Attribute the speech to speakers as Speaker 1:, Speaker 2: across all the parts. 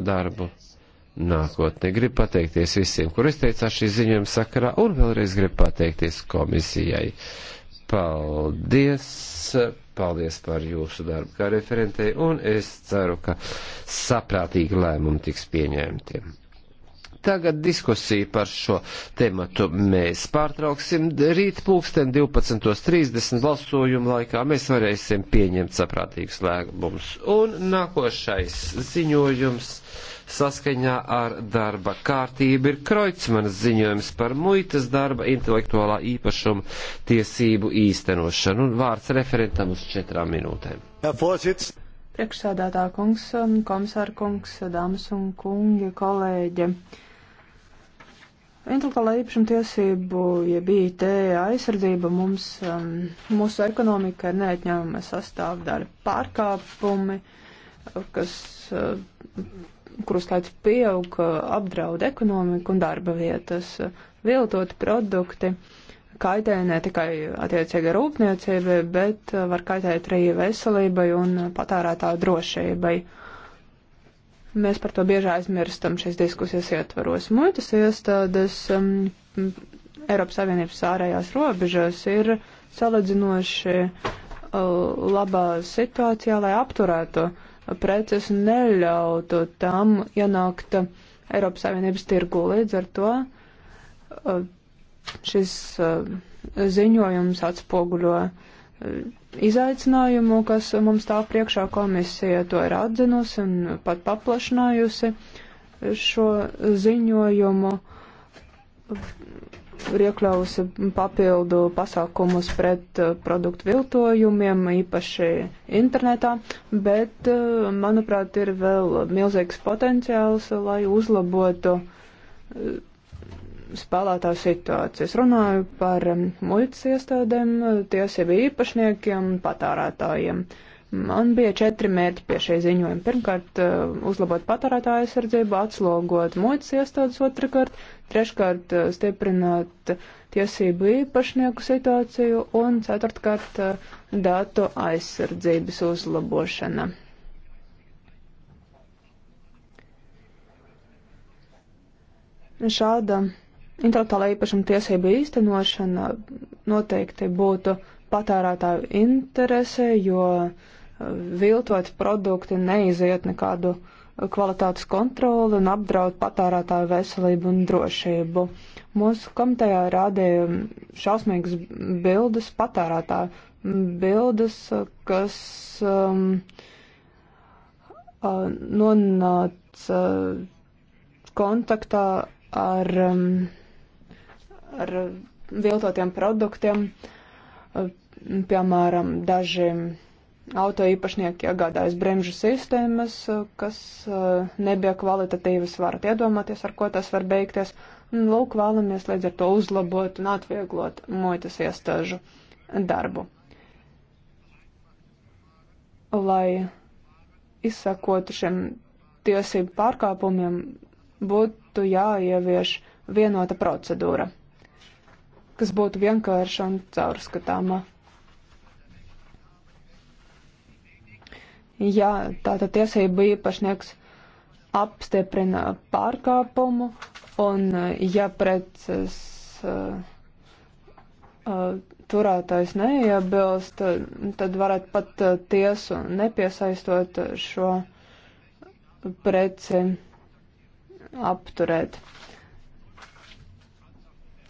Speaker 1: darbu nākotnē. Gribu pateikties visiem, kur izteicās šī ziņojuma sakarā, un vēlreiz gribu pateikties komisijai. Paldies! Paldies par jūsu darbu kā referentei, un es ceru, ka saprātīgi lēmumi tiks pieņemti. Tagad diskusiju par šo tematu mēs pārtrauksim. Rīt pulksten 12.30 balsojumu laikā mēs varēsim pieņemt saprātīgus lēmumus. Un nākošais ziņojums saskaņā ar darba kārtību ir Kreutzmanas ziņojums par muitas darba intelektuālā īpašuma tiesību īstenošanu. Un vārds referentam uz četrām minūtēm.
Speaker 2: Ja, Priekšsēdētā kungs, komisāra kungs, dāmas un kungi, kolēģi. Intelektuālā īpašuma tiesību, jeb ja IT aizsardzība mums, um, mūsu ekonomika ir neatņēmama sastāvdaļa pārkāpumi, kas, uh, kuru skaits pieaug, uh, apdraud ekonomiku un darba vietas, viltot produkti, kaitē ne tikai attiecīgai rūpniecībai, bet uh, var kaitēt arī veselībai un patērētāju drošībai. Uh, Mēs par to bieži aizmirstam šīs diskusijas ietvaros. Muitas iestādes um, Eiropas Savienības ārējās robežas ir salīdzinoši uh, labā situācijā, lai apturētu preces un neļautu tam ienākt Eiropas Savienības tirgu. Līdz ar to uh, šis uh, ziņojums atspoguļo uh, izaicinājumu, kas mums tā priekšā komisija to ir atzinusi un pat paplašinājusi šo ziņojumu, ir iekļausi papildu pasākumus pret uh, produktu viltojumiem, īpaši internetā, bet, uh, manuprāt, ir vēl milzīgs potenciāls, lai uzlabotu uh, spēlētāju situācijas. Runāju par um, muitas iestādēm, tiesību īpašniekiem, patārētājiem. Man bija četri mērķi pie šī ziņojuma. Pirmkārt, uh, uzlabot patārētāju aizsardzību, atslogot muitas iestādes otrkārt, treškārt, uh, stiprināt tiesību īpašnieku situāciju un ceturtkārt, uh, datu aizsardzības uzlabošana. Šāda intelektuālā īpašuma tiesība īstenošana noteikti būtu patērētāju interese, jo uh, viltot produkti neiziet nekādu kvalitātes kontroli un apdraud patērētāju veselību un drošību. Mūsu komitejā rādīja šausmīgas bildes patērētāju bildes, kas um, uh, nonāca kontaktā ar um, ar viltotiem produktiem. Piemēram, daži auto īpašnieki iegādājas bremžu sistēmas, kas nebija kvalitatīvas, varat iedomāties, ar ko tas var beigties. Lūk, vēlamies līdz ar to uzlabot un atvieglot muitas iestāžu darbu. Lai izsakotu šiem tiesību pārkāpumiem, būtu jāievieš vienota procedūra kas būtu vienkārša un caurskatāma. Ja tātad tiesība īpašnieks apstiprina pārkāpumu un ja preces uh, uh, turētājs neiebilst, tad varētu pat uh, tiesu nepiesaistot šo preci apturēt.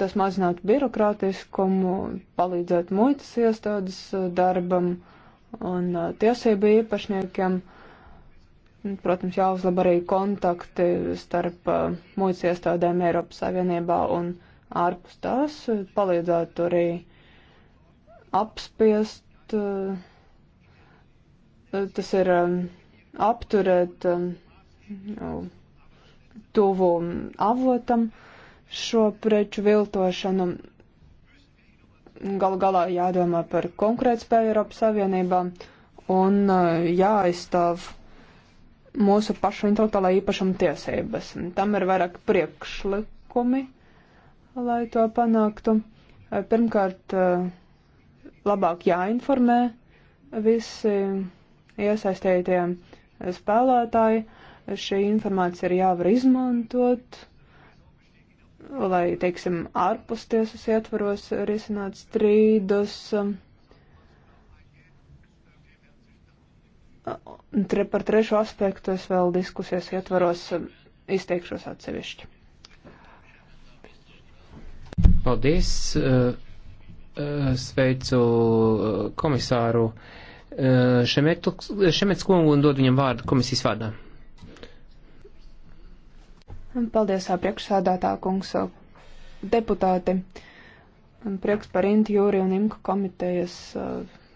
Speaker 2: Tas mazinātu birokrātiskumu, palīdzētu muitas iestādes uh, darbam un uh, tiesību īpašniekiem. Protams, jāuzlaba arī kontakti starp uh, muitas iestādēm Eiropas Savienībā un ārpus tās, palīdzētu arī apspiest, tas ir um, apturēt um, nu, tuvu avotam. Um, šo preču viltošanu. Galu galā jādomā par konkurētspēju Eiropas Savienībā un eh, jāaizstāv mūsu pašu intelektuālā īpašuma tiesības. Tam ir vairāk priekšlikumi, lai to panāktu. Eh, pirmkārt, eh, labāk jāinformē visi iesaistītie spēlētāji. Šī informācija ir jāvar izmantot lai, teiksim, ārpus tiesas ietvaros risināt strīdus. Tre par trešo aspektu es vēl diskusijas ietvaros izteikšos atsevišķi.
Speaker 3: Paldies! Eh, eh, sveicu eh, komisāru Šemets kungu un dod viņam vārdu komisijas vārdā.
Speaker 2: Paldies, priekšsādātā kungs, deputāti. Prieks par Intu Jūri un Imku komitejas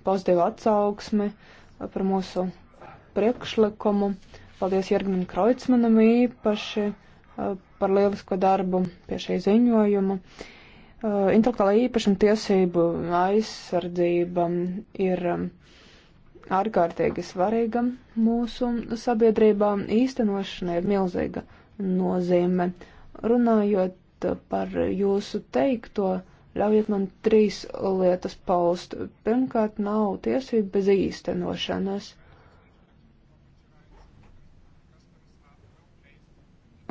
Speaker 2: pozitīvu atsauksmi par mūsu priekšlikumu. Paldies Jerganam Kreutzmanam īpaši par lielisko darbu pie šī ziņojuma. Intelektuālā īpašuma tiesību aizsardzība ir ārkārtīgi svarīga mūsu sabiedrībā. Īstenošana ir milzīga nozīme. Runājot par jūsu teikto, ļaujiet man trīs lietas paust. Pirmkārt, nav tiesība bez īstenošanas.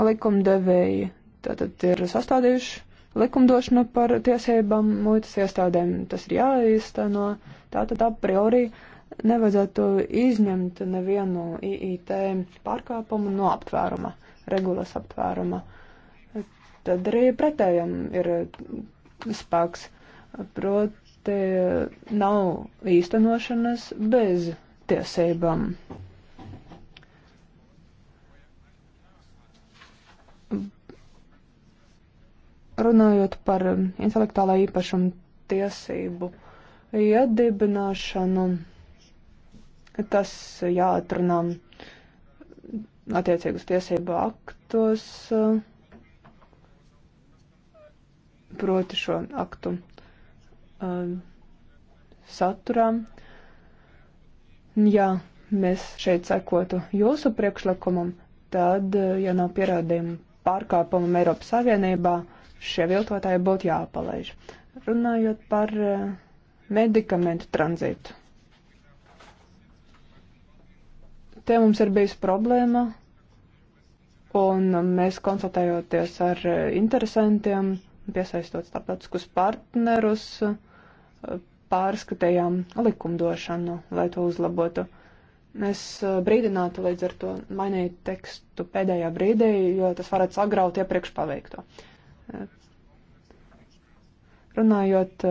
Speaker 2: Likumdevēji tātad ir sastādījuši likumdošanu par tiesībām muitas iestādēm. Tas ir jāīsteno. Tātad a priori uh, nevajadzētu izņemt nevienu IIT pārkāpumu no aptvēruma, regulas aptvēruma. Tad arī pretējam ir spēks, proti nav īstenošanas bez tiesībām. Runājot par intelektuālā īpašuma tiesību iedibināšanu. Ja Tas jāatrunā attiecīgus tiesību aktos, proti šo aktu saturā. Ja mēs šeit sekotu jūsu priekšlikumam, tad, ja nav pierādījumu pārkāpumam Eiropas Savienībā, šie viltotāji būtu jāpalaiž. Runājot par medikamentu tranzītu. Te mums ir bijusi problēma, un mēs konsultējoties ar interesantiem, piesaistot starptautiskus partnerus, pārskatījām likumdošanu, lai to uzlabotu. Es brīdinātu līdz ar to mainīt tekstu pēdējā brīdī, jo tas varētu sagraut iepriekš paveikto. Runājot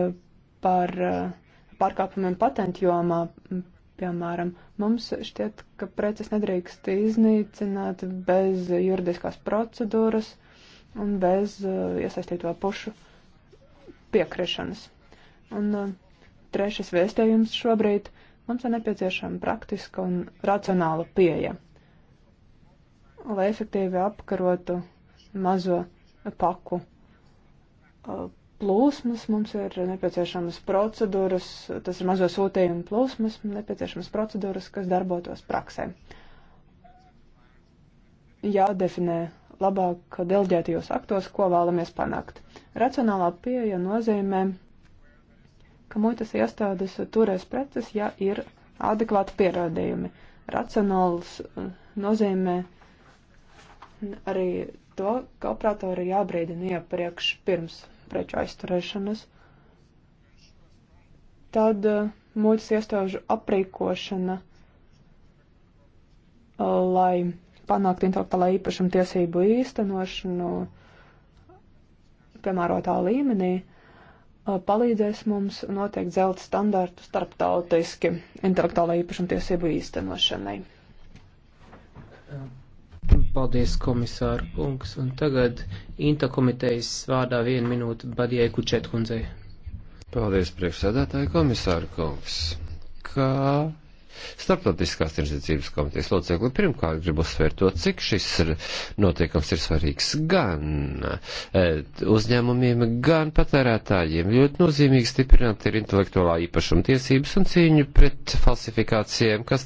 Speaker 2: par pārkāpumiem patentu jomā, Piemēram, mums šķiet, ka preces nedrīkst iznīcināt bez juridiskās procedūras un bez uh, iesaistīto pušu piekrišanas. Un uh, trešais vēstījums šobrīd mums ir nepieciešama praktiska un racionāla pieeja, lai efektīvi apkarotu mazo paku uh, plūsmas, mums ir nepieciešamas procedūras, tas ir mazo sūtījumu plūsmas, nepieciešamas procedūras, kas darbotos praksē. Jādefinē labāk delģētajos aktos, ko vēlamies panākt. Racionālā pieeja nozīmē, ka muitas iestādes turēs preces, ja ir adekvāti pierādījumi. Racionāls uh, nozīmē arī to, ka operatori jābrīdina iepriekš pirms preču aizturēšanas, tad uh, muitas iestāžu aprīkošana, uh, lai panāktu intelektuālā īpašuma tiesību īstenošanu piemērotā līmenī, uh, palīdzēs mums noteikt zelta standārtu starptautiski intelektuālā īpašuma tiesību īstenošanai.
Speaker 3: Um. Paldies, komisāra kungs. Un tagad Inta komitejas vārdā vienu minūtu Badijai
Speaker 1: Kučetkundzei. Paldies, priekšsēdētāji komisāra kungs. Kā starptautiskās tirdzniecības komitejas locekli. Pirmkārt, gribu uzsvērt to, cik šis notiekums ir svarīgs gan e, uzņēmumiem, gan patērētājiem. Ļoti nozīmīgi stiprināt ir intelektuālā īpašuma tiesības un cīņu pret falsifikācijām, kas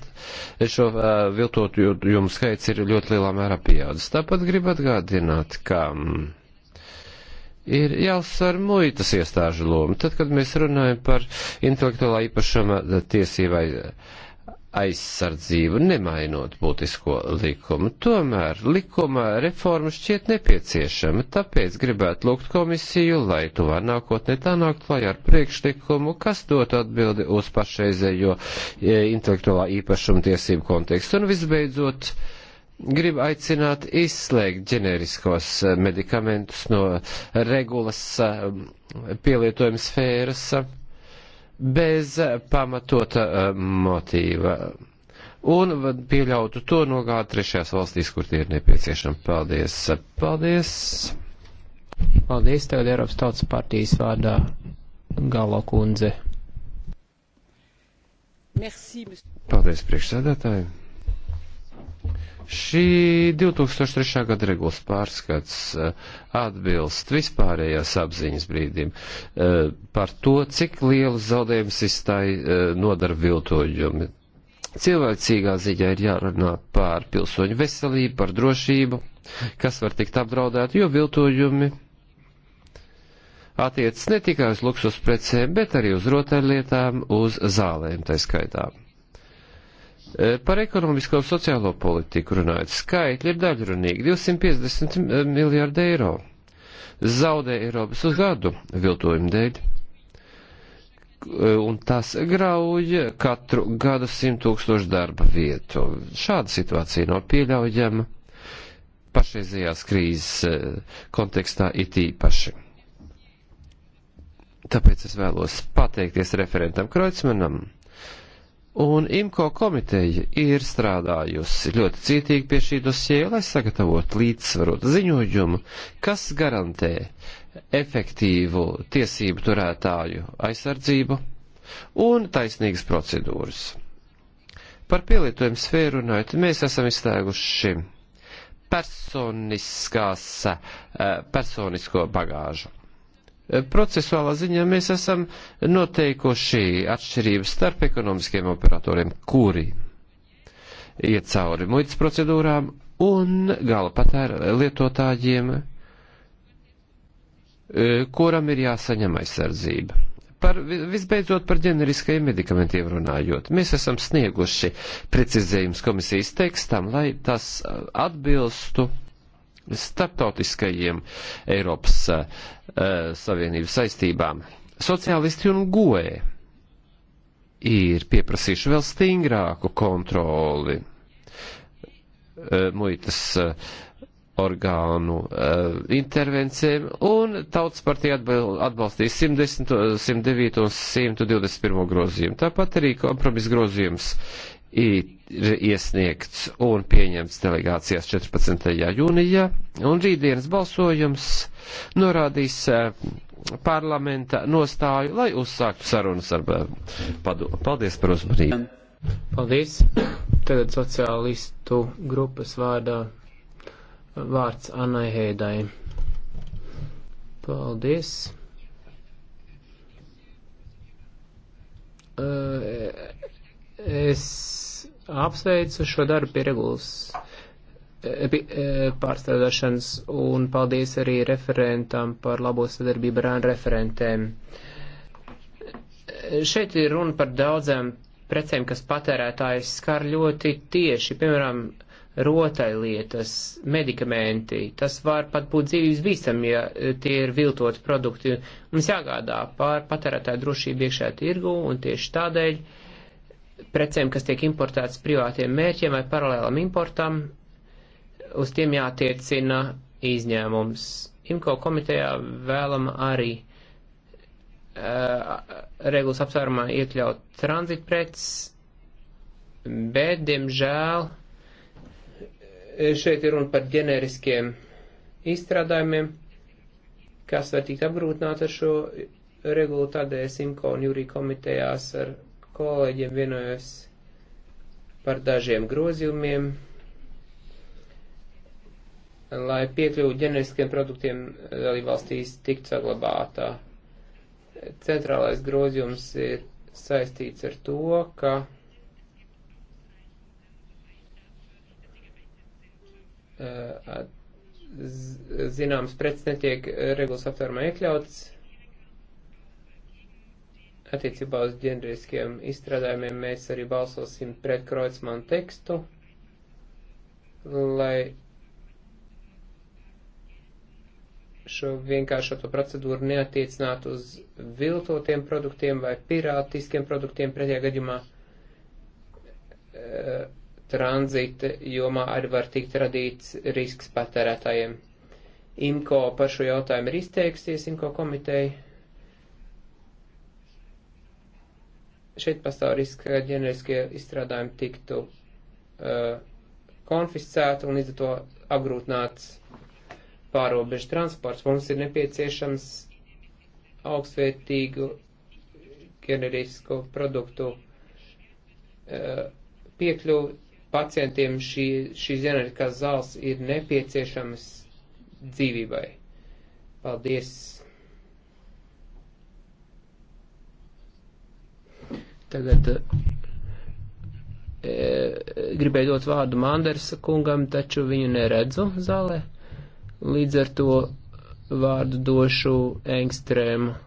Speaker 1: šo e, viltotu jumu skaits ir ļoti lielā mērā pieaudzis. Tāpat gribu atgādināt, ka mm, ir jāuzsver muitas iestāžu loma. Tad, kad mēs runājam par intelektuālā īpašuma tiesībai aizsardzību, nemainot būtisko likumu. Tomēr likuma reforma šķiet nepieciešama, tāpēc gribētu lūgt komisiju, lai tuvā nākotnē tā nāk klajā ar priekšlikumu, kas dot atbildi uz pašreizējo e, intelektuālā īpašuma tiesību kontekstu. Un visbeidzot, gribu aicināt izslēgt ģeneriskos e, medikamentus no regulas e, pielietojuma sfēras bez pamatota eh, motīva un pieļautu to nogādu trešajās valstīs, kur tie ir nepieciešami. Paldies!
Speaker 3: Paldies! Paldies tev, Eiropas Tautas partijas
Speaker 1: vārdā, Galo kundze. Merci, Paldies priekšsēdētāji! Šī 2003. gada regulas pārskats eh, atbilst vispārējās apziņas brīdim eh, par to, cik lielus zaudējumus izstāja eh, nodara viltojumi. Cilvēcīgā ziņā ir jārunā par pilsoņu veselību, par drošību, kas var tikt apdraudēti, jo viltojumi attiec ne tikai uz luksus precēm, bet arī uz rotaļlietām, uz zālēm taiskaitām. Eh, par ekonomisko un sociālo politiku runājot, skaitļi ir daļrunīgi - 250 eh, miljārdi eiro. Zaudē Eiropas uz gadu viltojumu dēļ. Eh, un tas grauj katru gadu 100 tūkstošu darba vietu. Šāda situācija nav pieļaujama pašreizējās krīzes kontekstā it īpaši. Tāpēc es vēlos pateikties referentam Kreutzmanam Un IMCO komiteja ir strādājusi ļoti cītīgi pie šī dosieja, lai sagatavotu līdzsvarotu ziņojumu, kas garantē efektīvu tiesību turētāju aizsardzību un taisnīgas procedūras. Par pielietojumu sfēru runājot, mēs esam izstāguši personiskās, eh, personisko bagāžu procesuālā ziņā mēs esam noteikuši atšķirības starp ekonomiskiem operatoriem, kuri iet cauri muitas procedūrām un gala patēra lietotājiem, e, kuram ir jāsaņem aizsardzība. Par, visbeidzot par ģeneriskajiem medikamentiem runājot, mēs esam snieguši precizējums komisijas tekstam, lai tas atbilstu uh, starptautiskajiem Eiropas uh, Savienības saistībām. Sociālisti un goē ir pieprasījuši vēl stingrāku kontroli uh, muitas uh, orgānu uh, intervencēm, un tautas partija atbalstīja 110, 109 un 121 grozījumu. Tāpat arī kompromis grozījums ir iesniegts un pieņemts delegācijās 14. jūnijā, un rītdienas balsojums norādīs eh, parlamenta nostāju, lai uzsāktu sarunas ar eh, padomu. Paldies par uzmanību.
Speaker 3: Paldies. Tagad sociālistu
Speaker 1: grupas vārdā
Speaker 3: vārds Anai Hēdai. Paldies. Uh, Es apsveicu šo darbu pie regulas e, e, pārstrādāšanas un paldies arī referentam par labo sadarbību ar ANR referentēm. Šeit ir runa par daudzām precēm, kas patērētājs skar ļoti tieši, piemēram, rotaļlietas, medikamenti. Tas var pat būt dzīvības bīstam, ja tie ir viltoti produkti. Mums jāgādā pār patērētāju drošību iekšējā tirgu un tieši tādēļ uh, precēm, kas tiek importētas privātiem mērķiem vai paralēlam importam, uz tiem jātiecina izņēmums. IMCO komitejā vēlam arī uh, regulas apsvērumā iekļaut tranzitpreces, bet, diemžēl, šeit ir runa par ģeneriskiem izstrādājumiem, kas var tikt apgrūtināt ar šo regulu, tādēļ Simko un Jūrī komitejās ar kolēģiem vienojos par dažiem grozījumiem, lai piekļuvu ģeneriskiem produktiem eh, dalībvalstīs tiktu saglabātā. Centrālais grozījums ir saistīts ar to, ka eh, zināmas preces netiek regulas aptvērumā iekļautas, attiecībā uz ģeneriskiem izstrādājumiem mēs arī balsosim pret Kreutzmann tekstu, lai šo vienkāršo to procedūru neatiecinātu uz viltotiem produktiem vai pirātiskiem produktiem pretējā gadījumā eh, tranzīta jomā arī var tikt radīts risks patērētājiem. IMCO par šo jautājumu ir izteiksies, IMCO komiteja. šeit pastāv risks, ka ģeneriskie izstrādājumi tiktu uh, konfiscēti un līdz ar to apgrūtināts pārobežu transports. Mums ir nepieciešams augstvērtīgu ģenerisku produktu uh, piekļuvu pacientiem. Šī, šīs ģeneriskās zāles ir nepieciešamas dzīvībai. Paldies! Tagad e, gribēju dot vārdu Mandersa kungam, taču viņu neredzu zālē. Līdz ar to vārdu došu Engstrēmu e,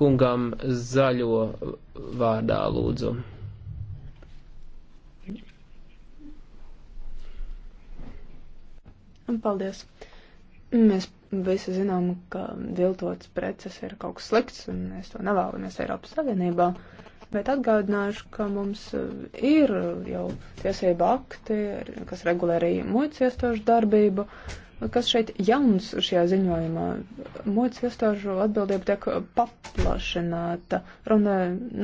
Speaker 3: kungam zaļo vārdā lūdzu.
Speaker 2: Paldies. Mēs visi zinām, ka viltotas preces ir kaut kas slikts, un mēs to nevēlamies Eiropas Savienībā. Bet atgādināšu, ka mums ir jau tiesība akti, kas regulē arī muitas iestāžu darbību. Kas šeit jauns šajā ziņojumā? Muitas iestāžu atbildība tiek paplašināta. Runa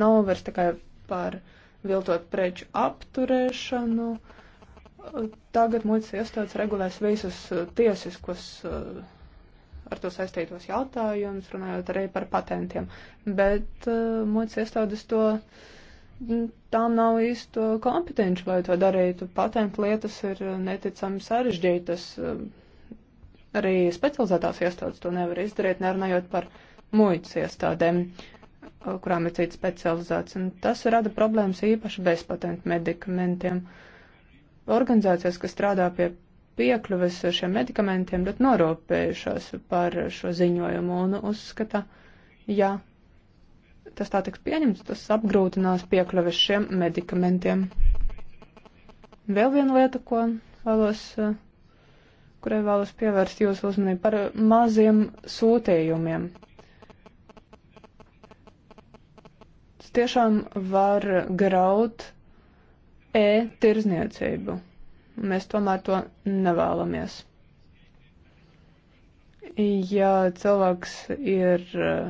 Speaker 2: nav vairs tikai par viltot preču apturēšanu. Tagad muitas iestādes regulēs visus tiesiskos uh, ar to saistītos jautājumus, runājot arī par patentiem. Bet uh, muitas iestādes to mm, tām nav īsto kompetenci, lai to darītu. Patentu lietas ir eh, neticami sarežģītas. Eh, arī specializētās iestādes to nevar izdarīt, nerunājot par muitas iestādēm, kurām ir cita specializācija. Un tas rada problēmas īpaši bezpatentu medikamentiem. Organizācijas, kas strādā pie piekļuves šiem medikamentiem ļoti norūpējušās par šo ziņojumu un uzskata, ja tas tā tiks pieņemts, tas apgrūtinās piekļuves šiem medikamentiem. Vēl viena lieta, ko vēlos, kurai vēlos pievērst jūsu uzmanību par maziem sūtījumiem. Tas tiešām var graut e-tirzniecību. Mēs tomēr to nevēlamies. Ja cilvēks ir eh,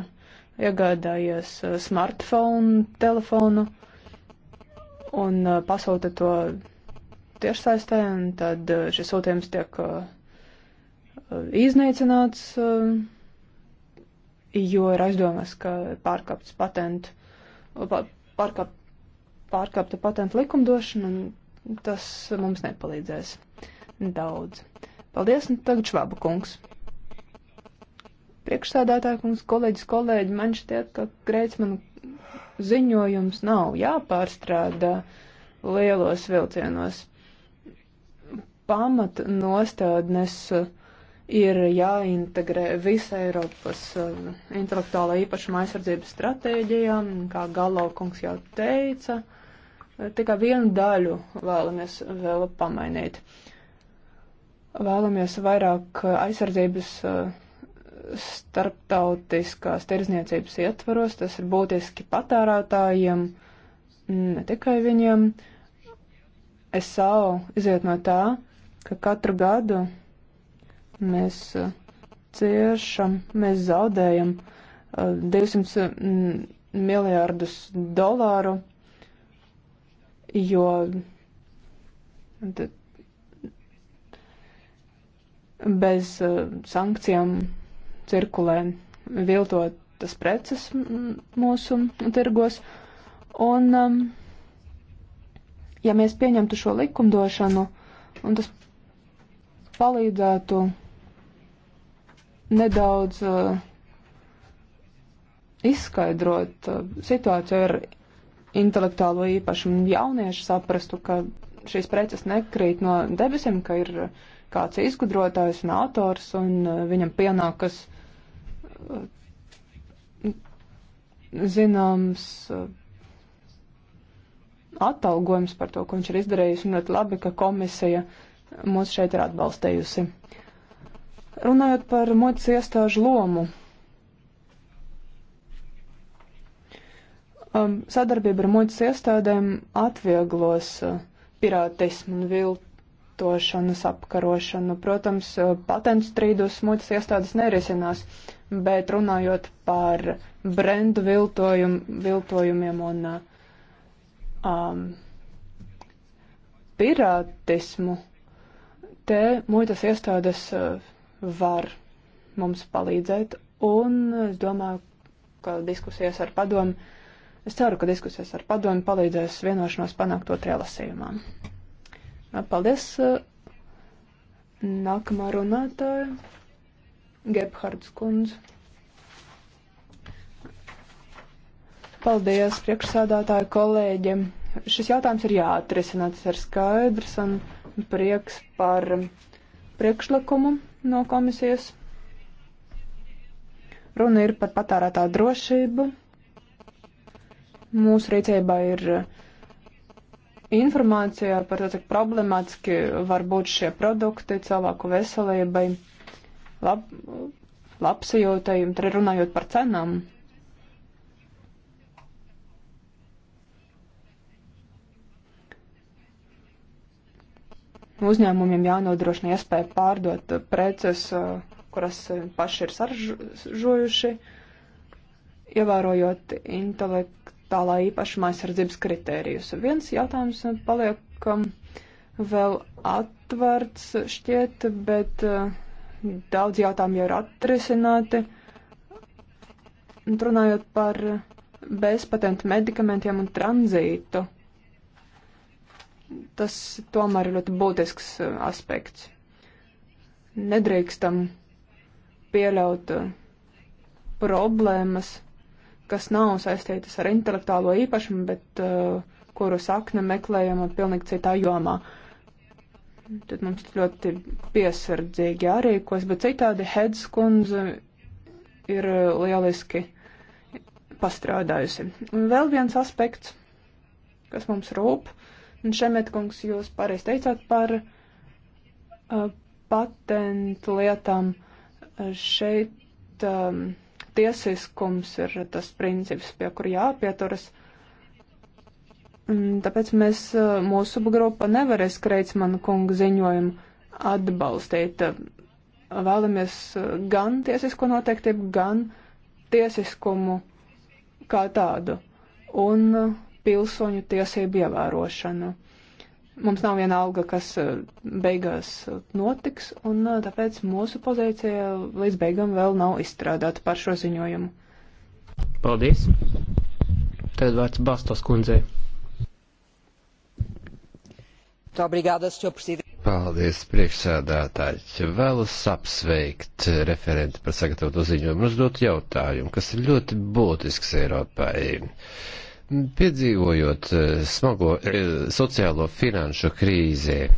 Speaker 2: iegādājies eh, smartphone telefonu un eh, pasūta to tiešsaistē, tad šis sūtījums tiek iznīcināts, jo ir aizdomas, ka pārkāpts patentu, pārkāp, pārkāpta patentu likumdošana un tas mums nepalīdzēs daudz. Paldies, un tagad švaba kungs. Priekšsādātāja kungs, kolēģis, kolēģi, man šķiet, ka Greitsmanu ziņojums nav jāpārstrādā lielos vilcienos. Pamat nostādnes uh, ir jāintegrē visa Eiropas uh, intelektuālā īpašuma aizsardzības stratēģijā, kā Galo kungs jau teica. Uh, Eh, tikai vienu daļu vēlamies vēl pamainīt. Vēlamies vairāk eh, aizsardzības eh, starptautiskās tirzniecības ietvaros. Tas ir būtiski patērētājiem, ne tikai viņiem. SAO iziet no tā, ka katru gadu mēs ciešam, mēs zaudējam 200 mm, miljārdus dolāru jo bez eh, sankcijām cirkulē viltotas preces mūsu tirgos. Un, ehm, ja mēs pieņemtu šo likumdošanu, un tas palīdzētu nedaudz uh, izskaidrot uh, situāciju ar intelektuālo īpašumu jaunieši saprastu, ka šīs preces nekrīt no debesīm, ka ir kāds izgudrotājs un autors, un uh, viņam pienākas uh, zināms uh, atalgojums par to, ko viņš ir izdarījis, un ļoti labi, ka komisija mūs šeit ir atbalstējusi. Runājot par motas iestāžu lomu um, sadarbība ar muitas iestādēm atvieglos uh, pirātismu un viltošanas apkarošanu. Protams, uh, patentu strīdus muitas iestādes nerisinās, bet runājot par brendu viltojum, viltojumiem un uh, um, pirātismu, te muitas iestādes uh, var mums palīdzēt, un es domāju, ka diskusijas ar padomu Es ceru, ka diskusijas ar padomu palīdzēs vienošanos panākt otrajā lasījumā. Paldies! Nākamā runātāja - Gebhards Kundz. Paldies priekšsādātāju kolēģiem. Šis jautājums ir jāatrisina, tas ir skaidrs un prieks par priekšlikumu no komisijas. Runa ir par patērētā drošību Mūsu rīcībā ir eh, informācija par to, cik problemātiski var būt šie produkti cilvēku veselībai, lab, labsajūtai, un arī runājot par cenām. Uzņēmumiem jānodrošina iespēja pārdot preces, eh, kuras paši ir saržojuši, ievērojot intelektu tā lai īpašuma aizsardzības kritērijus. Viens jautājums paliek um, vēl atverts šķiet, bet uh, daudz jautājumu jau ir atrisināti. Runājot par bezpatentu medikamentiem un tranzītu, tas tomēr ir ļoti būtisks uh, aspekts. Nedrīkstam pieļaut uh, problēmas kas nav saistītas ar intelektuālo īpašumu, bet uh, kuru sakne meklējama pilnīgi citā jomā. Tad mums ļoti piesardzīgi jārīkos, bet citādi Hedz kundze ir uh, lieliski pastrādājusi. Vēl viens aspekts, kas mums rūp, un Šemetkungs jūs pareiz teicāt par uh, patentu lietām. Uh, šeit um, tiesiskums ir tas princips, pie kur jāpieturas. Mm, tāpēc mēs, e, mūsu grupa nevarēs Kreitsmanu kungu ziņojumu atbalstīt. Vēlamies e, gan tiesisko noteiktību, gan tiesiskumu kā tādu un e, pilsoņu tiesību ievērošanu. Mums nav viena alga, kas eh, beigās eh, notiks, un eh, tāpēc mūsu pozīcija līdz beigām vēl nav izstrādāta par šo ziņojumu.
Speaker 3: Paldies! Tad vārds Bastos kundzei.
Speaker 1: Paldies, priekšsēdētāji. Vēlos apsveikt referenti par sagatavotu ziņojumu un uzdot jautājumu, kas ir ļoti būtisks Eiropai Piedzīvojot eh, smago eh, sociālo finanšu krīzi, eh,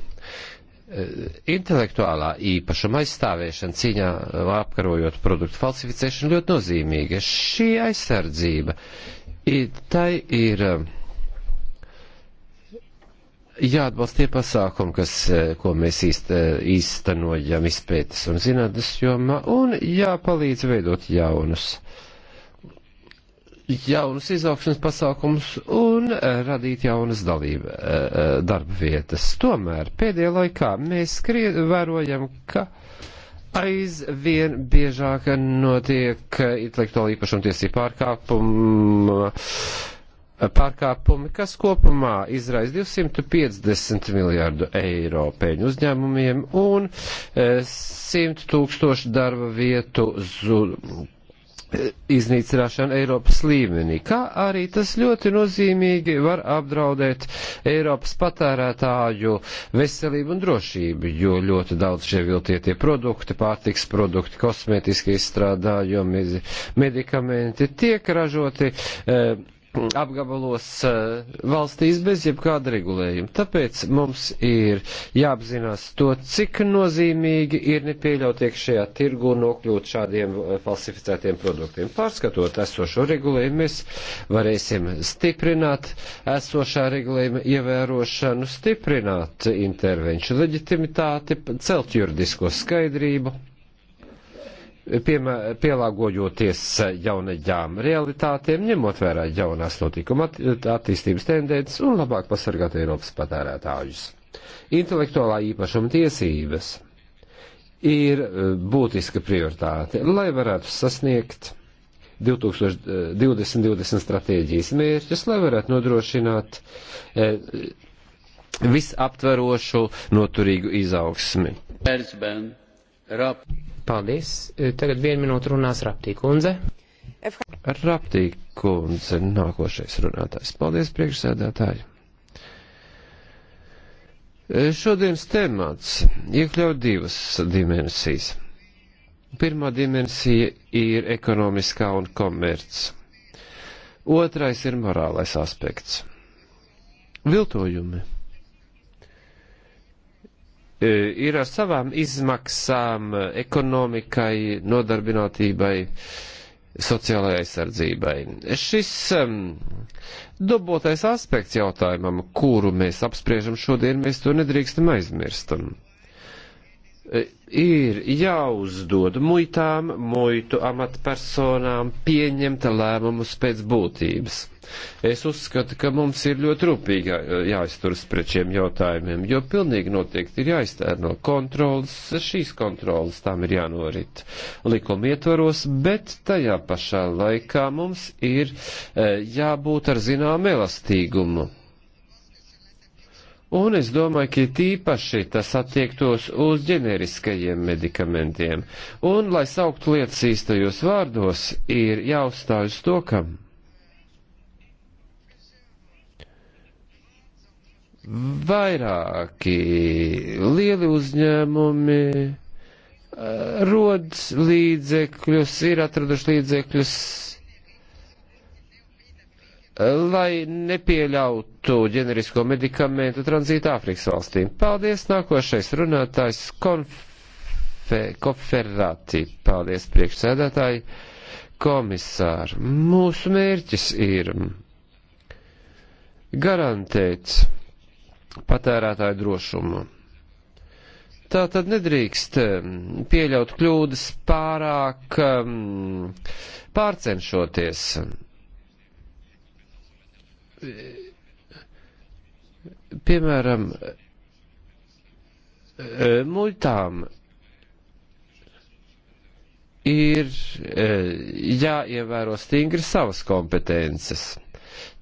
Speaker 1: intelektuālā īpašuma aizstāvēšana cīņā apkarojot produktu falsificēšanu ļoti nozīmīga. Šī aizsardzība, tai ir jāatbalsta tie pasākumi, kas, ko mēs īst, īstenojam izpētes un zinātnes jomā, un jāpalīdz veidot jaunus uh, jaunus izaugsmas pasākumus un eh, radīt jaunas dalība, eh, eh, darba vietas. Tomēr pēdējā laikā mēs skriet, vērojam, ka aizvien biežāk notiek intelektuāla īpašumtiesība pārkāpuma pārkāpumi, kas kopumā izraisa 250 miljārdu eiro peļņu uzņēmumiem un 100 tūkstošu darba vietu zud iznīcināšanu Eiropas līmenī, kā arī tas ļoti nozīmīgi var apdraudēt Eiropas patērētāju veselību un drošību, jo ļoti daudz šie viltietie produkti, pārtiks produkti, kosmētiski izstrādājumi, medikamenti tiek ražoti. Eh, apgabalos eh, valstīs bez jebkāda regulējuma. Tāpēc mums ir jāapzinās to, cik nozīmīgi ir nepieļaut iekšējā tirgu nokļūt šādiem eh, falsificētiem produktiem. Pārskatot esošo regulējumu, mēs varēsim stiprināt esošā regulējuma ievērošanu, stiprināt intervenciju leģitimitāti, celt juridisko skaidrību piemēr, pielāgojoties jaunajām realitātēm, ņemot vērā jaunās notikuma att attīstības tendences un labāk pasargāt Eiropas patērētājus. Intelektuālā īpašuma tiesības ir e, būtiska prioritāte, lai varētu sasniegt 2020 e, stratēģijas mērķus, lai varētu nodrošināt e, visaptverošu noturīgu izaugsmi. Persben, rap. Paldies. Eh, tagad vienu minūtu runās Raptī kundze. Raptī kundze, nākošais runātājs. Paldies, priekšsēdētāji. Eh, šodienas temats iekļauj divas dimensijas. Pirmā dimensija ir ekonomiskā un komerc. Otrais ir morālais aspekts. Viltojumi E, ir ar savām izmaksām e, ekonomikai, nodarbinātībai, sociālajai aizsardzībai. Šis um, dobotais aspekts jautājumam, kuru mēs apspriežam šodien, mēs to nedrīkstam aizmirstam. E, ir jāuzdod muitām, muitu amatpersonām pieņemt lēmumus pēc būtības. Es uzskatu, ka mums ir ļoti rūpīgi e, jāizturas pret šiem jautājumiem, jo pilnīgi noteikti ir jāiztērno kontrolas, šīs kontrolas tām ir jānorit likuma ietvaros, bet tajā pašā laikā mums ir e, jābūt ar zinām elastīgumu Un es domāju, ka tīpaši tas attiektos uz ģeneriskajiem medikamentiem. Un, lai saukt lietas īstajos vārdos, ir jāuzstāj uz to, ka vairāki lieli uzņēmumi eh, rod līdzekļus, ir atraduši līdzekļus lai nepieļautu ģenerisko medikamentu tranzītu Āfrikas valstīm. Paldies, nākošais runātājs konfe, Koferati. Paldies, priekšsēdētāji, komisāri. Mūsu mērķis ir garantēt patērētāju drošumu. Tā tad nedrīkst pieļaut kļūdas pārāk um, pārcenšoties piemēram, e, muļtām ir e, jāievēro stingri savas kompetences.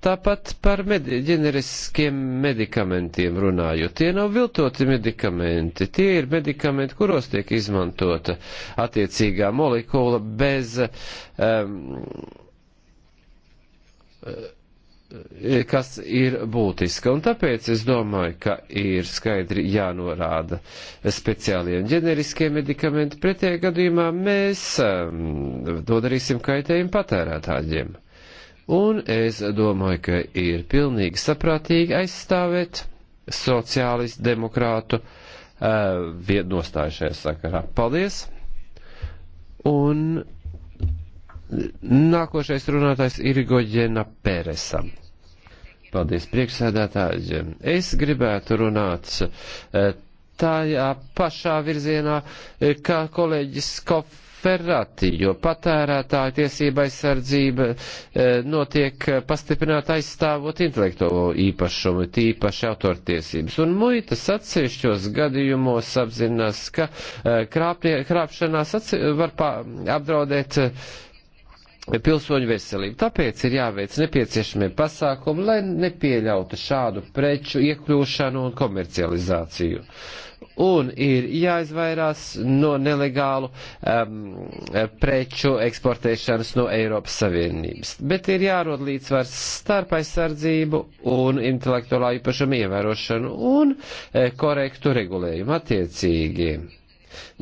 Speaker 1: Tāpat par med ģeneriskiem medikamentiem runājot. Tie nav viltoti medikamenti, tie ir medikamenti, kuros tiek izmantota attiecīgā molekula bez um, kas ir būtiska. Un tāpēc es domāju, ka ir skaidri jānorāda speciālie un ģeneriskie medikamenti. Pretējā gadījumā mēs dodarīsim um, kaitējumu patērētājiem. Un es domāju, ka ir pilnīgi saprātīgi aizstāvēt sociālistu demokrātu uh, viednostāju šajā sakarā. Paldies! Un Nākošais runātājs ir Goģena Pēresam. Paldies, priekšsēdētāji. Es gribētu runāt eh, tajā pašā virzienā, eh, kā kolēģis Kof. Ferrati, jo patērētāja tiesība aizsardzība e, notiek pastiprināta aizstāvot intelektuālo īpašumu, tīpaši autortiesības. Un muitas atsevišķos gadījumos apzinās, ka e, krāpnie, krāpšanās atse, var pa, apdraudēt e, pilsoņu veselību. Tāpēc ir jāveic nepieciešamie pasākumi, lai nepieļautu šādu preču iekļūšanu un komercializāciju. Un ir jāizvairās no nelegālu um, preču eksportēšanas no Eiropas Savienības. Bet ir jārod līdzsvars starp aizsardzību un intelektuālā īpašuma ievērošanu un e, korektu regulējumu attiecīgi.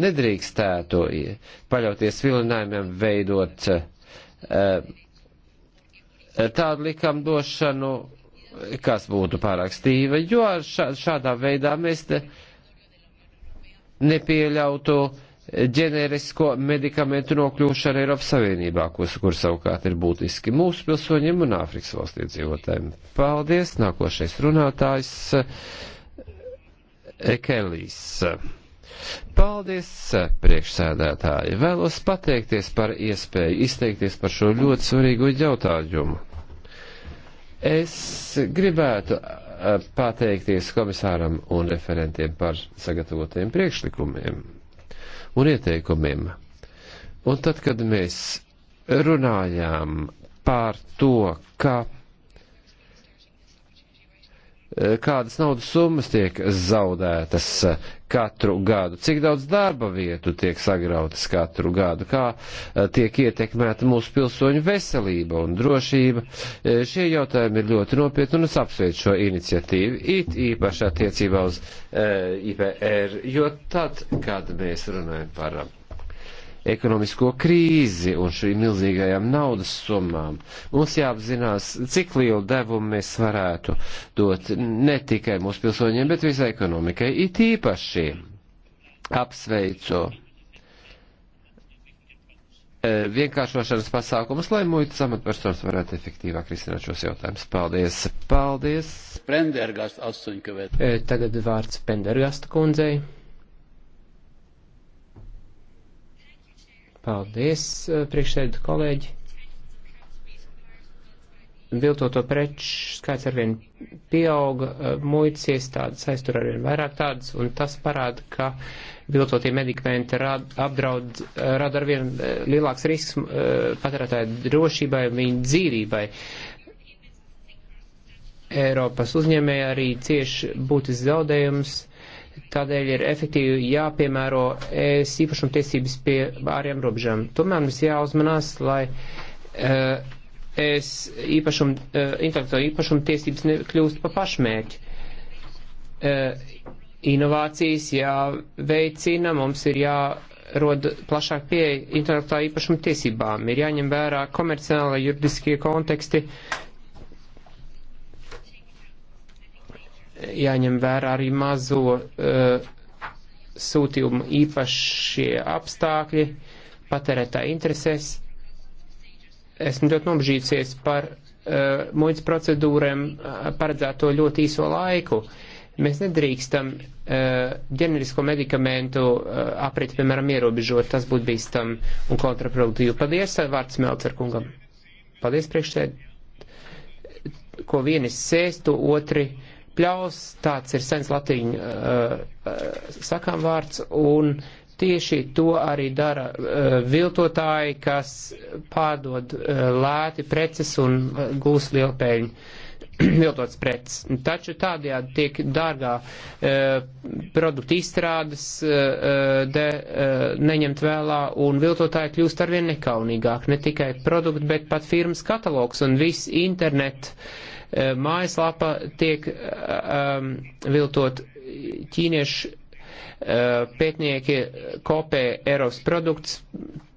Speaker 1: Nedrīkstētu paļauties vilinājumiem veidot uh, Eh, tādu likumdošanu, kas būtu pārāk stīva, jo šādā veidā mēs nepieļautu ģenerisko medikamentu nokļūšanu Eiropas Savienībā, kus, kur savukārt ir būtiski mūsu pilsoņiem un Āfrikas valsts iedzīvotājiem. Paldies! Nākošais runātājs eh, Kellijs. Paldies, priekšsēdētāji! Vēlos pateikties par iespēju izteikties par šo ļoti svarīgo jautājumu. Es gribētu pateikties komisāram un referentiem par sagatavotajiem priekšlikumiem un ieteikumiem. Un tad, kad mēs runājām par to, ka Eh, kādas naudas summas tiek zaudētas eh, katru gadu, cik daudz darba vietu tiek sagrautas katru gadu, kā eh, tiek ietekmēta mūsu pilsoņu veselība un drošība. Šie jautājumi ir ļoti nopietni un es apsveicu šo iniciatīvu, it īpaši attiecībā uz IPR, jo tad, kad mēs runājam par ekonomisko krīzi un šīm milzīgajām naudas summām, mums jāapzinās, cik lielu devumu mēs varētu dot ne tikai mūsu pilsoņiem, bet visai ekonomikai. It īpaši apsveicu e, vienkāršošanas pasākumus, lai muitas amatpersonas varētu efektīvāk risināt šos jautājumus. Paldies! Paldies! E, tagad vārds Pendergasta kundzei.
Speaker 3: Paldies, eh, priekšsēdu kolēģi. Viltoto preču skaits arvien pieauga, eh, muitas iestādes aiztur arvien vairāk tādas, un tas parāda, ka viltotie medikamenti rad, apdraud, eh, rada arvien lielāks risks patērētāju drošībai un viņu dzīvībai. Eiropas uzņēmēji arī cieši būtis zaudējums Tādēļ ir efektīvi jāpiemēro ES īpašuma tiesības pie āriem robežām. Tomēr mums jāuzmanās, lai uh, e, ES īpašuma, uh, e, intelektuāla īpašuma tiesības nekļūst pa pašmērķi. Uh, inovācijas jāveicina, mums ir jārod plašāk pieeja intelektuāla īpašuma tiesībām, ir jāņem vērā komerciāla juridiskie konteksti, jāņem vērā arī mazo uh, sūtījumu īpašie apstākļi, patērētā interesēs. Esmu ļoti nobežīsies par uh, muitas procedūrēm uh, eh, paredzēto ļoti īso laiku. Mēs nedrīkstam uh, ģenerisko medikamentu uh, aprit, piemēram, ierobežot. Tas būtu bīstam un kontraproduktīvi. Paldies, vārds Melcerkungam. Paldies, priekšsēd. Ko vieni sēst, to otri uh, pļaus, tāds ir sens latīņu uh, uh, sakām vārds, un tieši to arī dara uh, viltotāji, kas pārdod uh, lēti preces un uh, gūs lielu peļņu. viltots preces. Taču tādējādi tiek dārgā e, uh, produkta izstrādes e, de, e, neņemt vēlā un viltotāji kļūst arvien nekaunīgāk. Ne tikai produkti, bet pat firmas katalogs un viss internet. E, Eh, mājaslapa tiek um, viltot ķīniešu eh, pētnieki kopē Eiropas produkts,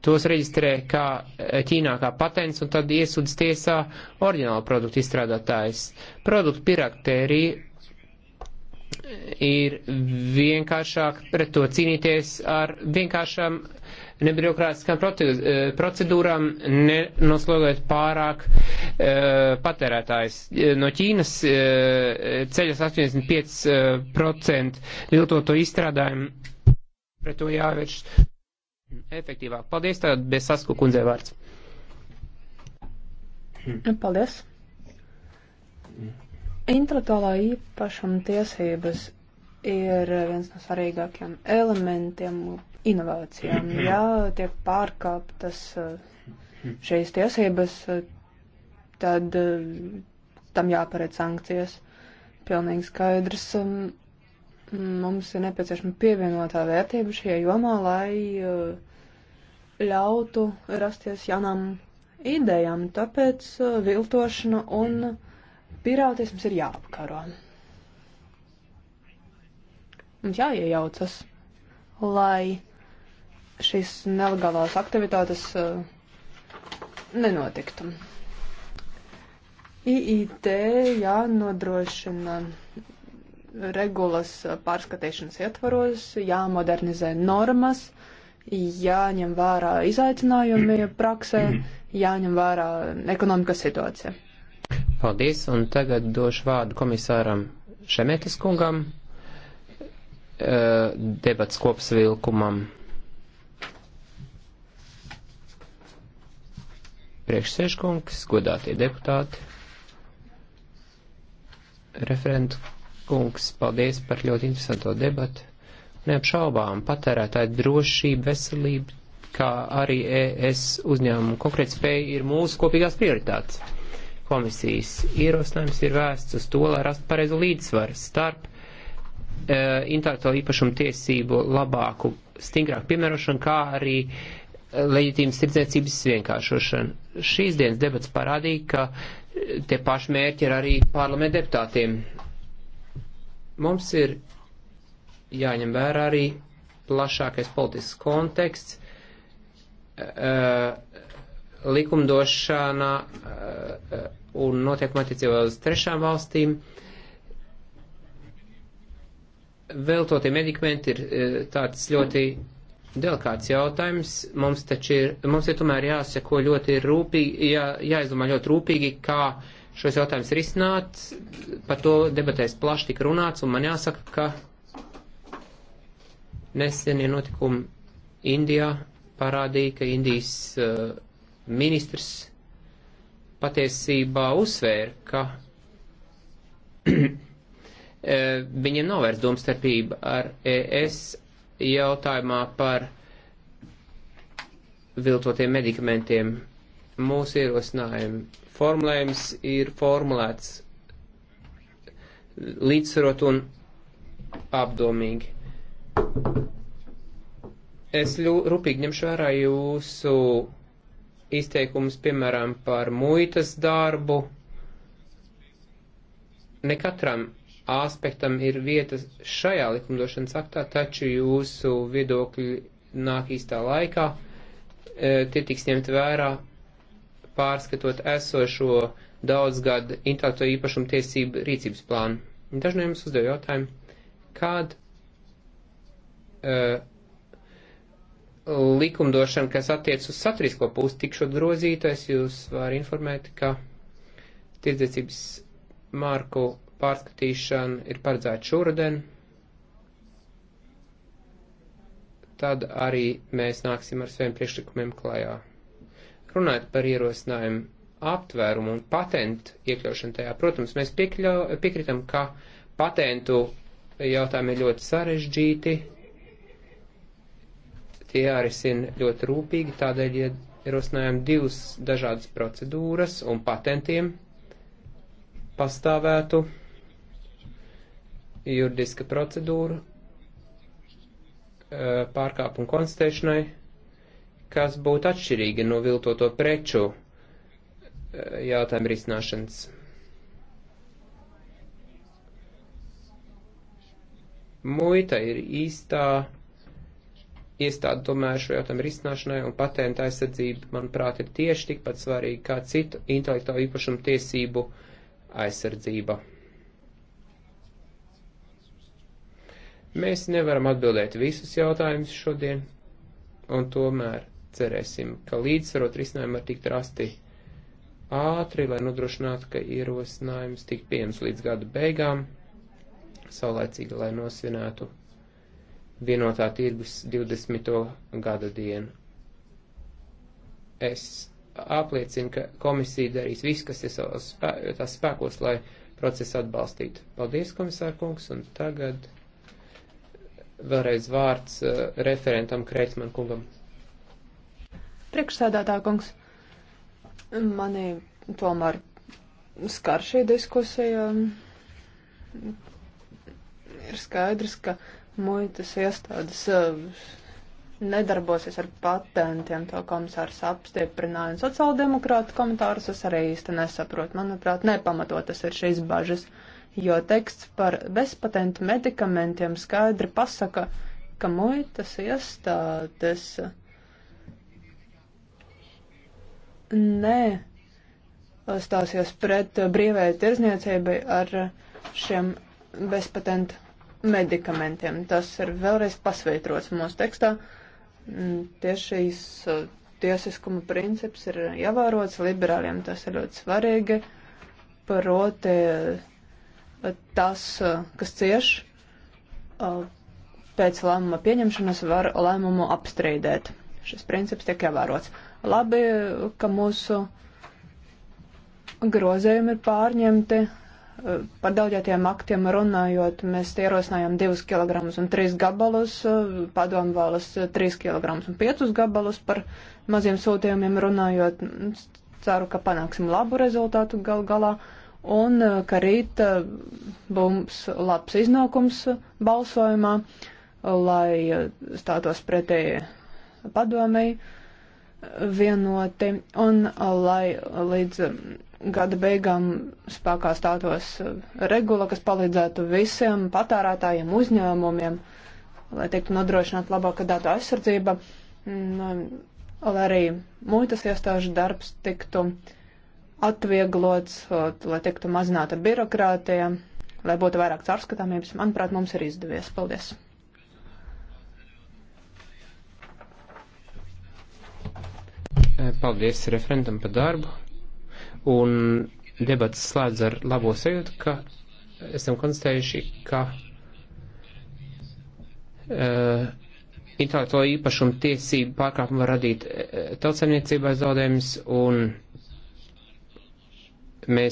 Speaker 3: tos reģistrē kā Ķīnā kā patents un tad iesūdz tiesā oriģinālu produktu izstrādātājs. Produktu pirakterija ir vienkāršāk pret to cīnīties ar vienkāršām nebirokrātiskām eh, procedūrām, nenoslogojot pārāk eh, patērētājs. Eh, no Ķīnas ceļas 85% viltoto izstrādājumu pret to jāvērš efektīvāk. Paldies, tātad bez sasku kundzei vārds.
Speaker 2: Paldies. Intelektuālā īpašuma tiesības ir viens no svarīgākiem elementiem inovācijām. Ja tiek pārkāptas uh, šīs tiesības, uh, tad uh, tam jāparedz sankcijas. Pilnīgi skaidrs. Um, mums ir nepieciešama pievienotā vērtība šajā jomā, lai ļautu rasties jaunām idejām. Tāpēc viltošana un pirātisms ir jāapkaro. Mums jāiejaucas, lai šīs nelegālās aktivitātes eh, nenotiktu. IIT jānodrošina regulas pārskatīšanas ietvaros, jāmodernizē normas, jāņem vērā izaicinājumi praksē, jāņem vērā ekonomikas situācija.
Speaker 3: Paldies, un tagad došu vārdu komisāram Šemetis kungam, eh, debats kopsvilkumam. priekšsēžkungs, godātie deputāti, referentu kungs, paldies par ļoti interesanto debatu. Neapšaubām patērētāja drošība, veselība, kā arī ES uzņēmumu konkrēt spēja ir mūsu kopīgās prioritātes. Komisijas ierosinājums ir vērsts uz to, lai rastu pareizu līdzsvaru starp e, intelektuālo īpašumu tiesību labāku, stingrāku piemērošanu, kā arī leģitīmas tirdzniecības vienkāršošanu šīs dienas debats parādīja, ka eh, tie paši mērķi ir arī parlamenta deputātiem. Mums ir jāņem vērā arī plašākais politisks konteksts. Uh, likumdošana uh, un notiekuma attiecībā uz trešām valstīm. Vēl to tie medikamenti ir uh, tāds ļoti delikāts jautājums. Mums taču ir, mums ir tomēr jāseko ļoti rūpīgi, jā, jāizdomā ļoti rūpīgi, kā šos jautājumus risināt. Par to debatēs plaši tik runāts, un man jāsaka, ka nesenie notikumi Indijā parādīja, ka Indijas uh, ministrs patiesībā uzsvēra, ka uh, viņiem nav vairs domstarpība ar ES jautājumā par viltotiem medikamentiem. Mūsu ierosinājuma formulējums ir formulēts līdzsvarot un apdomīgi. Es ļoti rūpīgi ņemšu vērā jūsu izteikumus, piemēram, par muitas darbu. Ne katram aspektam ir vietas šajā likumdošanas aktā, taču jūsu viedokļi nāk īstā laikā, e, tie tiks ņemt vērā, pārskatot esošo daudzgadu intelektuālo īpašumu tiesību rīcības plānu. Daži no jums uzdeva jautājumu, kād uh, likumdošana, kas attiec uz saturisko pusi, tikšot grozītais, jūs var informēt, ka tirdzniecības marku pārskatīšana ir paredzēta šoruden, tad arī mēs nāksim ar saviem priekšlikumiem klajā. Runājot par ierosinājumu aptvērumu un patentu iekļaušanu tajā, protams, mēs piekļau, piekritam, ka patentu jautājumi ir ļoti sarežģīti, tie jārisina ļoti rūpīgi, tādēļ ierosinājām divas dažādas procedūras un patentiem pastāvētu juridiska procedūra pārkāpumu konstatēšanai, kas būtu atšķirīga no viltoto preču jautājumu risināšanas. Muita ir īstā iestāde tomēr šo jautājumu risināšanai, un patenta aizsardzība, manuprāt, ir tieši tikpat svarīga kā citu intelektuālu īpašumu tiesību aizsardzība. Mēs nevaram atbildēt visus jautājumus šodien, un tomēr cerēsim, ka līdzsvarot risinājumi var tikt rasti ātri, lai nodrošinātu, ka ierosinājums tik pieejams līdz gada beigām, saulēcīgi, lai nosvinētu vienotā tirgus 20. gada dienu. Es apliecinu, ka komisija darīs visu, kas ir savās spē, spēkos, lai procesu atbalstītu. Paldies, komisārkungs, un tagad Vēlreiz vārds uh, referentam Kreitsman kungam.
Speaker 2: Priekšsēdētā kungs, mani tomēr skar šī diskusija. Ir skaidrs, ka muitas iestādes uh, nedarbosies ar patentiem, to komisārs apstiprināja. Un sociāldemokrāta komentārus es arī īsti nesaprotu. Manuprāt, nepamatotas ir šīs bažas. Uh, jo teksts par bezpatentu medikamentiem skaidri pasaka, ka muitas iestādes nē stāsies pret brīvēju tirzniecībai ar šiem bezpatentu medikamentiem. Tas ir vēlreiz pasveitrots mūsu tekstā. Mm, Tiešīs uh, tiesiskuma princips ir ievērots, liberāliem tas ir ļoti svarīgi. Proti, tas, eh, kas cieš eh, pēc lēmuma pieņemšanas, var lēmumu apstrīdēt. Šis princips tiek ievērots. Labi, ka mūsu grozējumi ir pārņemti. Eh, par daudzētiem aktiem runājot, mēs ierosinājām 2 kg un 3 gabalus, padomu vēlas 3 kg un 5 gabalus par maziem sūtījumiem runājot. Ceru, ka panāksim labu rezultātu gal galā. Uh, un eh, ka rīt eh, būs labs iznākums balsojumā, lai eh, stātos pretēji padomēji vienoti un lai līdz gada beigām spēkā stātos regula, kas palīdzētu visiem patērētājiem, uzņēmumiem, lai tiktu nodrošināt labāka datu aizsardzība, mm, lai arī muitas iestāžu darbs tiktu uh, atvieglots, lai tiktu mazināta birokrātija, lai būtu vairāk caurskatāmības. Manuprāt, mums ir izdevies. Paldies!
Speaker 3: Eh, paldies referentam par darbu. Un debats slēdz ar labo sajūtu, ka esam konstatējuši, ka uh, intelektuālo īpašumu tiesību pārkāpumu var radīt uh, tautsaimniecībai zaudējumus un mēs